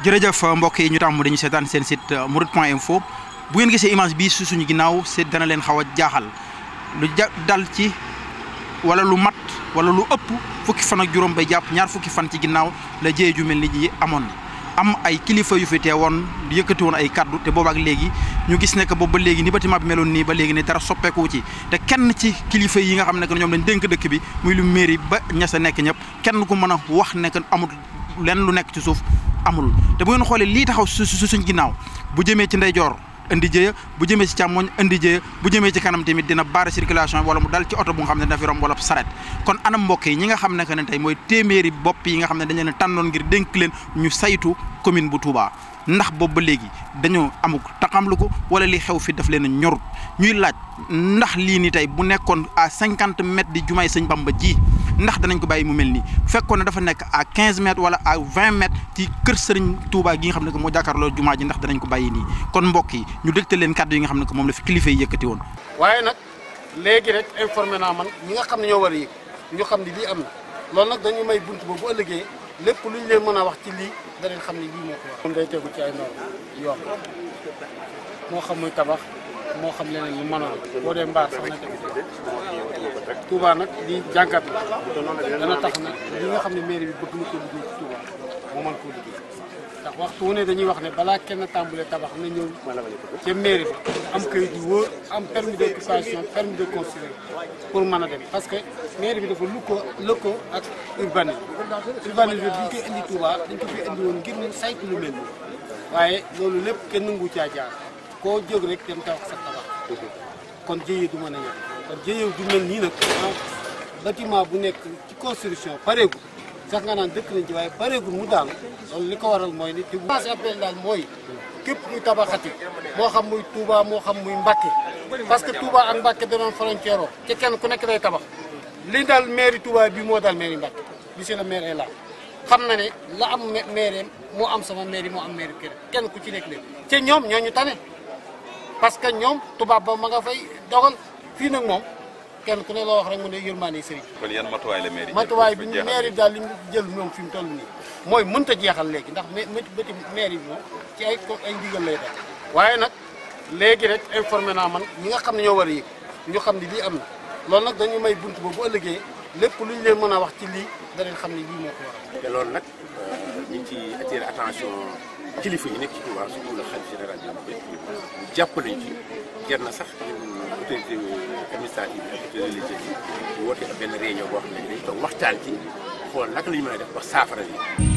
jërëjëf mbokk yi ñu tàmm dañu seetaan seen site euh, murut.info info bu ngeen gisee image bi su suñu ginnaaw seet dana leen xaw jaaxal lu dal ci wala lu mat wala lu ëpp fukki fan ak juróom bay jàpp ñaar fukki fan ci ginnaaw la ju mel ji amoon am ay kilifa yu fi teewoon yëkkati woon ay kaddu te boobaak léegi ñu gis ne que boobu ba léegi ni bâtiment bi meloon nii ba léegi ne dara soppeeku ci te kenn ci kilifa yi nga xam ne que ñoom dañ dénk dëkk bi muy lu mairie ba ña sa nekk ñëpp kenn ku mën a wax ne que amul lenn lu nekk ci suuf amul te bu ngeen xoolee lii taxaw su suñ ginnaaw bu jëmee ci ndeyjoor indi jéeya bu jëmee ci càmmooñ indi jéeya bu jëmee ci kanam tamit dina barre circulation wala mu dal ci oto bu nga xam ne dina fi romb wala saret kon anam mbokk yi ñi nga xam ne que ne tey mooy téeméeri bopp yi nga xam ne dañu leen tànnoon ngir dénk leen ñu saytu commune bu Touba ndax boobu ba léegi dañoo amuk taxamlu ko wala li xew fi daf leen a ñorut ñuy laaj ndax lii ni tey bu nekkoon cinquante mètres di jumaay sëñ Bamba ji ndax dañ ko bàyyi mu melni fekkone dafa nek à 15 mètres wala à 20 mètres ci kër Serigne Touba gi nga xamne mo jakarlo juma ji ndax dañ ko bàyyi ni kon mbokk yi ñu dégtal leen kàddu yi nga xamne mom la fi kilifa yi yëkkati woon waaye nag léegi rek informé na man ñi nga xamne ñoo war yi ñu xamne li lii am na loolu nag dañu may buntu bo bu ëllëgé lépp luñu leen mëna wax ci li danañ xamne li lii ko wax moom day tegu ci ay normes yoon moo xam muy tabax moo xam leneen lu mënoon boo dee mbaar sax na teg Touba nag di jàngat la dana tax nag li nga xam ne mairie bi bëgg na ko liggéey ci Touba moo mën koo liggéey ndax waxtu wu ne dañuy wax ne balaa kenn tàmbalee tabax na ñëw ca mairie bi am kayit yu wóor am permis d'occupation permis de construire pour mën a dem parce que mairie bi dafa lëkkoo lëkkoo ak urbanisme urbanisme bi ñu koy indi Touba dañ ko fi indi woon ngir ñu saytu lu mel nii waaye loolu lépp kenn nangu caa jaar koo jóg rek dem tabax sa tabax kon jëye du mën a ñor kon jëye ah, bu nekk ci construction pareegul sax nga naan dëkk nañ ji waaye pareegul mu daanu loolu li ko waral mooy ni dimanche appel daal mooy képp kuy tabaxati moo xam muy Touba moo xam muy Mbacké parce que Touba ak Mbacké danoon frontière o ci kenn ku nekk day tabax li daal mairie Touba bi moo daal mairie Mbacké monsieur le maire est xam na ne la am mairie mu am sama mairie mu am mairie kër kenn ku ci nekk lépp te ñoom ñoo ñu tane parce que ñoom tubaab ba ma nga fay dogal fii nag moom kenn ku ne loo wax rek mu ne yërmaane sëriñ. kon yan matuwaay la mairie matuwaay bi mairie daal li mu jël ñoom fi mu toll nii mooy mun a jeexal léegi ndax métti mairie bi moom ci ay ay ndigal waaye nag léegi rek informé naa man ñi nga xam ne ñoo war a ñu xam ni lii am na loolu nag dañu may bunt boobu bu ëllëgee. lépp lu ñu leen mën a wax ci lii danañ xam ne lii moo ko waral. te loolu nag ñu ngi ciy attirer attention kilifa yi nekk ci Touba surtout le khalife général bi ñu jàppale ñu ci jar na sax ñun autorité administrative bi ak autorité religieuse yi woote benn réunion boo xam ne dañ toog waxtaan ci xool naka la ñu mën a def ba saafara yi